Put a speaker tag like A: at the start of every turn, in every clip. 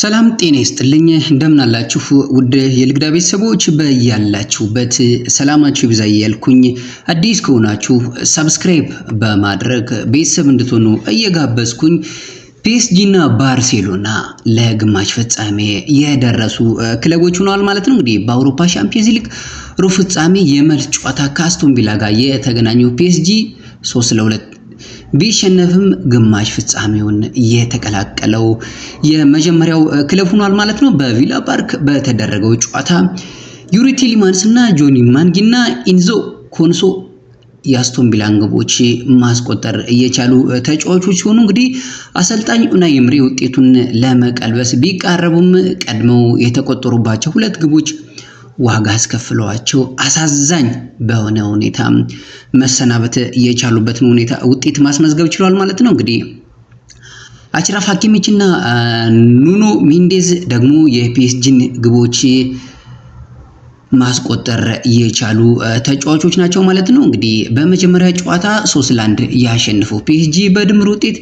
A: ሰላም ጤና ይስጥልኝ። እንደምን አላችሁ ውድ የልግዳ ቤተሰቦች፣ በያላችሁበት ሰላማችሁ ይብዛ እያልኩኝ አዲስ ከሆናችሁ ሰብስክራይብ በማድረግ ቤተሰብ እንድትሆኑ እየጋበዝኩኝ ፒኤስጂና ባርሴሎና ለግማሽ ፍጻሜ የደረሱ ክለቦች ሆነዋል ማለት ነው። እንግዲህ በአውሮፓ ሻምፒየንስ ሊግ ሩብ ፍጻሜ የመልስ ጨዋታ ከአስቶን ቪላ ጋር የተገናኘው ፒኤስጂ 3 ለ2 ቢሸነፍም ግማሽ ፍጻሜውን የተቀላቀለው የመጀመሪያው ክለብ ሆኗል ማለት ነው። በቪላ ፓርክ በተደረገው ጨዋታ ዩሪ ቲሊማንስ እና ጆኒ ማንጊ እና ኢንዞ ኮንሶ የአስቶን ቪላን ግቦች ማስቆጠር እየቻሉ ተጫዋቾች ሲሆኑ እንግዲህ አሰልጣኝ ኡናይ ኤምሪ ውጤቱን ለመቀልበስ ቢቃረቡም ቀድመው የተቆጠሩባቸው ሁለት ግቦች ዋጋ አስከፍለዋቸው አሳዛኝ በሆነ ሁኔታ መሰናበት የቻሉበትን ሁኔታ ውጤት ማስመዝገብ ችሏል ማለት ነው። እንግዲህ አችራፍ ሀኪሚች እና ኑኖ ሚንዴዝ ደግሞ የፒኤስጂን ግቦች ማስቆጠር የቻሉ ተጫዋቾች ናቸው ማለት ነው። እንግዲህ በመጀመሪያ ጨዋታ ሶስት ለአንድ ያሸንፉ ፒኤስጂ በድምር ውጤት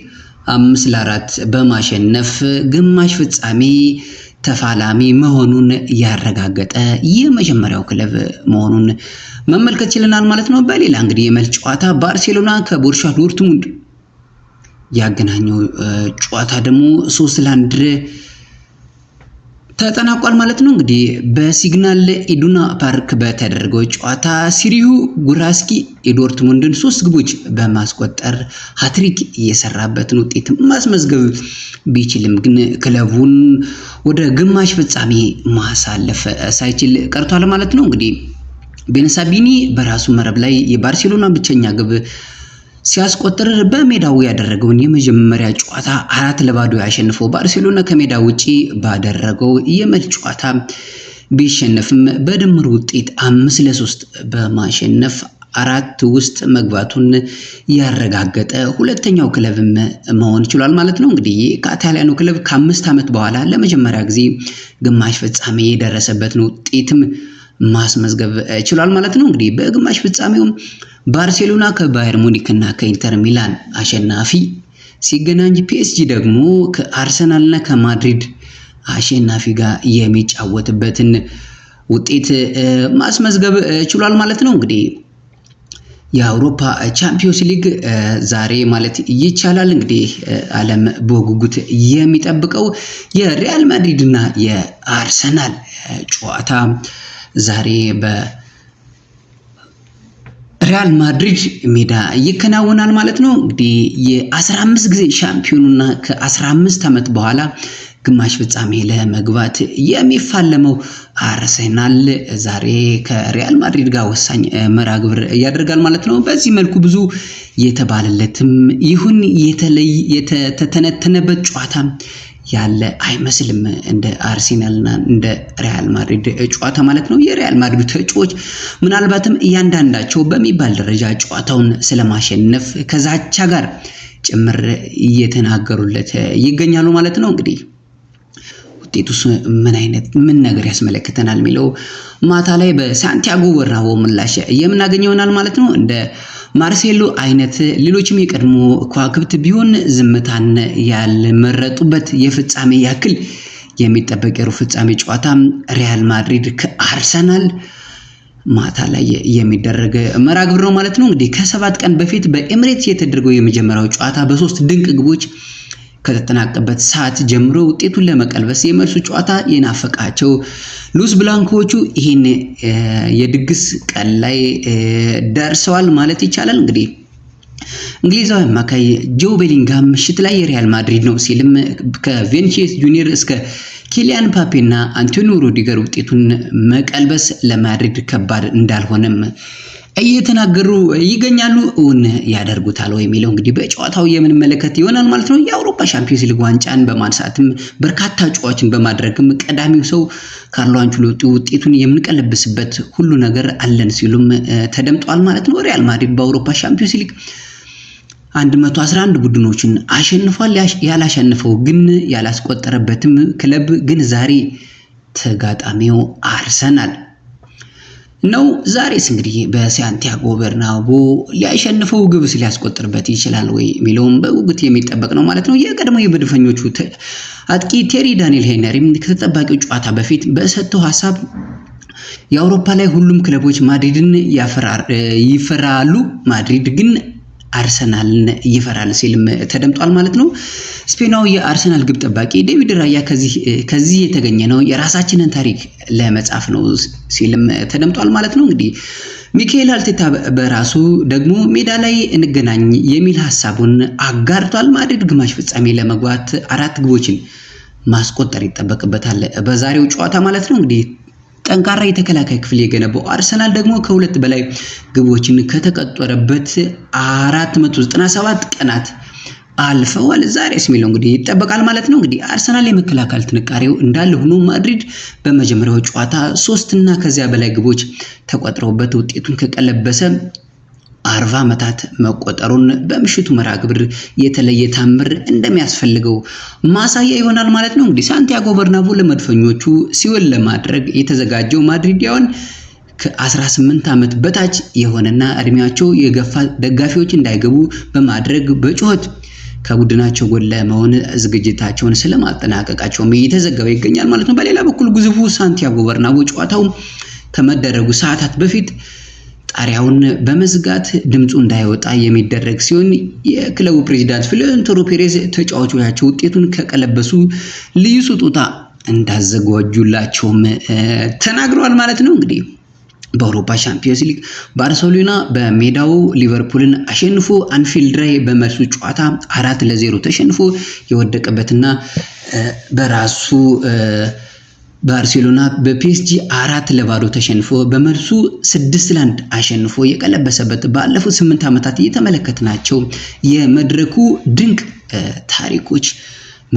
A: አምስት ለአራት በማሸነፍ ግማሽ ፍጻሜ ተፋላሚ መሆኑን ያረጋገጠ የመጀመሪያው ክለብ መሆኑን መመልከት ችለናል ማለት ነው። በሌላ እንግዲህ የመልስ ጨዋታ ባርሴሎና ከቦርሻ ዶርትሙንድ ያገናኘው ጨዋታ ደግሞ ሶስት ለአንድ ተጠናቋል ማለት ነው። እንግዲህ በሲግናል ኢዱና ፓርክ በተደረገው ጨዋታ ሲሪሁ ጉራስኪ የዶርትሙንድን ሶስት ግቦች በማስቆጠር ሀትሪክ የሰራበትን ውጤት ማስመዝገብ ቢችልም ግን ክለቡን ወደ ግማሽ ፍጻሜ ማሳለፍ ሳይችል ቀርቷል ማለት ነው። እንግዲህ ቤንሳቢኒ በራሱ መረብ ላይ የባርሴሎና ብቸኛ ግብ ሲያስቆጥር በሜዳው ያደረገውን የመጀመሪያ ጨዋታ አራት ለባዶ ያሸንፈው ባርሴሎና ከሜዳ ውጪ ባደረገው የመልስ ጨዋታ ቢሸነፍም በድምር ውጤት አምስት ለሶስት በማሸነፍ አራት ውስጥ መግባቱን ያረጋገጠ ሁለተኛው ክለብም መሆን ችሏል ማለት ነው። እንግዲህ ከጣሊያኑ ክለብ ከአምስት ዓመት በኋላ ለመጀመሪያ ጊዜ ግማሽ ፍጻሜ የደረሰበትን ውጤትም ማስመዝገብ ችሏል ማለት ነው። እንግዲህ በግማሽ ፍጻሜውም ባርሴሎና ከባየር ሙኒክ እና ከኢንተር ሚላን አሸናፊ ሲገናኝ ፒኤስጂ ደግሞ ከአርሰናል እና ከማድሪድ አሸናፊ ጋር የሚጫወትበትን ውጤት ማስመዝገብ ችሏል ማለት ነው። እንግዲህ የአውሮፓ ቻምፒዮንስ ሊግ ዛሬ ማለት ይቻላል እንግዲህ ዓለም በጉጉት የሚጠብቀው የሪያል ማድሪድ እና የአርሰናል ጨዋታ ዛሬ በ ሪያል ማድሪድ ሜዳ ይከናወናል ማለት ነው። እንግዲህ የ15 ጊዜ ሻምፒዮኑና ከ15 ዓመት በኋላ ግማሽ ፍጻሜ ለመግባት የሚፋለመው አርሰናል ዛሬ ከሪያል ማድሪድ ጋር ወሳኝ መርሃ ግብር ያደርጋል ማለት ነው። በዚህ መልኩ ብዙ የተባለለትም ይሁን የተለይ የተተነተነበት ጨዋታ ያለ አይመስልም። እንደ አርሴናልና እንደ ሪያል ማድሪድ ጨዋታ ማለት ነው። የሪያል ማድሪድ ተጫዋቾች ምናልባትም እያንዳንዳቸው በሚባል ደረጃ ጨዋታውን ስለማሸነፍ ከዛቻ ጋር ጭምር እየተናገሩለት ይገኛሉ ማለት ነው። እንግዲህ ውጤቱስ ምን አይነት ምን ነገር ያስመለክተናል የሚለው ማታ ላይ በሳንቲያጎ በርናቦ ምላሽ የምናገኘው ይሆናል ማለት ነው እንደ ማርሴሎ አይነት ሌሎችም የቀድሞ ከዋክብት ቢሆን ዝምታን ያልመረጡበት የፍጻሜ ያክል የሚጠበቅ የሩብ ፍጻሜ ጨዋታ ሪያል ማድሪድ ከአርሰናል ማታ ላይ የሚደረግ መርሃ ግብር ነው ማለት ነው። እንግዲህ ከሰባት ቀን በፊት በኤምሬትስ የተደረገው የመጀመሪያው ጨዋታ በሶስት ድንቅ ግቦች ከተጠናቀበት ሰዓት ጀምሮ ውጤቱን ለመቀልበስ የመልሱ ጨዋታ የናፈቃቸው ሉስ ብላንኮቹ ይህን የድግስ ቀን ላይ ደርሰዋል ማለት ይቻላል። እንግዲህ እንግሊዛዊ አማካይ ጆ ቤሊንግሃም ምሽት ላይ የሪያል ማድሪድ ነው ሲልም ከቬንቼስ ጁኒየር እስከ ኪሊያን ፓፔና አንቶኒዮ ሮዲገር ውጤቱን መቀልበስ ለማድሪድ ከባድ እንዳልሆነም እየተናገሩ ይገኛሉ። እውን ያደርጉታል ወይ የሚለው እንግዲህ በጨዋታው የምንመለከት ይሆናል ማለት ነው። የአውሮፓ ሻምፒዮንስ ሊግ ዋንጫን በማንሳትም በርካታ ጨዋታዎችን በማድረግም ቀዳሚው ሰው ካርሎ አንቸሎቲ ውጤቱን የምንቀለብስበት ሁሉ ነገር አለን ሲሉም ተደምጧል ማለት ነው። ሪያል ማድሪድ በአውሮፓ ሻምፒዮንስ ሊግ 111 ቡድኖችን አሸንፏል። ያላሸንፈው ግን ያላስቆጠረበትም ክለብ ግን ዛሬ ተጋጣሚው አርሰናል ነው። ዛሬስ እንግዲህ በሳንቲያጎ በርናቡ ሊያሸንፈው ግብስ ሊያስቆጥርበት ይችላል ወይ የሚለውም በጉጉት የሚጠበቅ ነው ማለት ነው። የቀድሞ የመድፈኞቹ አጥቂ ቴሪ ዳንኤል ሄነሪም ከተጠባቂው ጨዋታ በፊት በሰጠው ሀሳብ የአውሮፓ ላይ ሁሉም ክለቦች ማድሪድን ይፈራሉ፣ ማድሪድ ግን አርሰናልን ይፈራል ሲልም ተደምጧል ማለት ነው። ስፔናዊ የአርሰናል ግብ ጠባቂ ዴቪድ ራያ ከዚህ የተገኘ ነው የራሳችንን ታሪክ ለመጻፍ ነው ሲልም ተደምጧል ማለት ነው። እንግዲህ ሚካኤል አርቴታ በራሱ ደግሞ ሜዳ ላይ እንገናኝ የሚል ሀሳቡን አጋርቷል። ማድሪድ ግማሽ ፍጻሜ ለመግባት አራት ግቦችን ማስቆጠር ይጠበቅበታል በዛሬው ጨዋታ ማለት ነው እንግዲህ ጠንካራ የተከላካይ ክፍል የገነባው አርሰናል ደግሞ ከሁለት በላይ ግቦችን ከተቆጠረበት 497 ቀናት አልፈዋል። ዛሬስ የሚለው እንግዲህ ይጠበቃል ማለት ነው። እንግዲህ አርሰናል የመከላከል ጥንካሬው እንዳለ ሆኖ ማድሪድ በመጀመሪያው ጨዋታ ሶስት እና ከዚያ በላይ ግቦች ተቆጥረውበት ውጤቱን ከቀለበሰ አርባ ዓመታት መቆጠሩን በምሽቱ መርሃ ግብር የተለየ ታምር እንደሚያስፈልገው ማሳያ ይሆናል ማለት ነው። እንግዲህ ሳንቲያጎ በርናቡ ለመድፈኞቹ ሲወል ለማድረግ የተዘጋጀው ማድሪዲያውን ከ18 ዓመት በታች የሆነና እድሜያቸው የገፋ ደጋፊዎች እንዳይገቡ በማድረግ በጩኸት ከቡድናቸው ጎን ለመሆን ዝግጅታቸውን ስለማጠናቀቃቸውም እየተዘገበ ይገኛል ማለት ነው። በሌላ በኩል ግዙፉ ሳንቲያጎ በርናቡ ጨዋታው ከመደረጉ ሰዓታት በፊት ጣሪያውን በመዝጋት ድምፁ እንዳይወጣ የሚደረግ ሲሆን የክለቡ ፕሬዚዳንት ፍሎሬንቲኖ ፔሬዝ ተጫዋቾቻቸው ውጤቱን ከቀለበሱ ልዩ ስጦታ እንዳዘጋጁላቸውም ተናግረዋል ማለት ነው። እንግዲህ በአውሮፓ ሻምፒዮንስ ሊግ ባርሴሎና በሜዳው ሊቨርፑልን አሸንፎ አንፊልድ ላይ በመልሱ ጨዋታ አራት ለዜሮ ተሸንፎ የወደቀበትና በራሱ ባርሴሎና በፒኤስጂ አራት ለባዶ ተሸንፎ በመልሱ ስድስት ለአንድ አሸንፎ የቀለበሰበት ባለፉት ስምንት ዓመታት እየተመለከትናቸው የመድረኩ ድንቅ ታሪኮች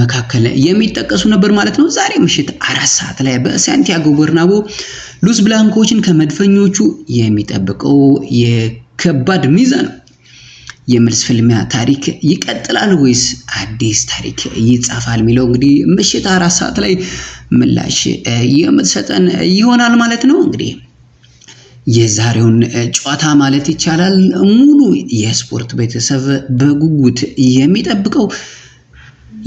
A: መካከል የሚጠቀሱ ነበር ማለት ነው። ዛሬ ምሽት አራት ሰዓት ላይ በሳንቲያጎ በርናቦ ሉስ ብላንኮችን ከመድፈኞቹ የሚጠብቀው የከባድ ሚዛን የመልስ ፍልሚያ ታሪክ ይቀጥላል ወይስ አዲስ ታሪክ ይጻፋል የሚለው እንግዲህ ምሽት አራት ሰዓት ላይ ምላሽ የምትሰጠን ይሆናል ማለት ነው። እንግዲህ የዛሬውን ጨዋታ ማለት ይቻላል ሙሉ የስፖርት ቤተሰብ በጉጉት የሚጠብቀው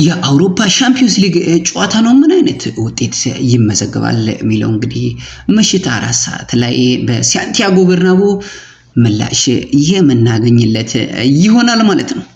A: የአውሮፓ ሻምፒዮንስ ሊግ ጨዋታ ነው። ምን አይነት ውጤት ይመዘገባል የሚለው እንግዲህ ምሽት አራት ሰዓት ላይ በሳንቲያጎ በርናቦ ምላሽ የምናገኝለት ይሆናል ማለት ነው።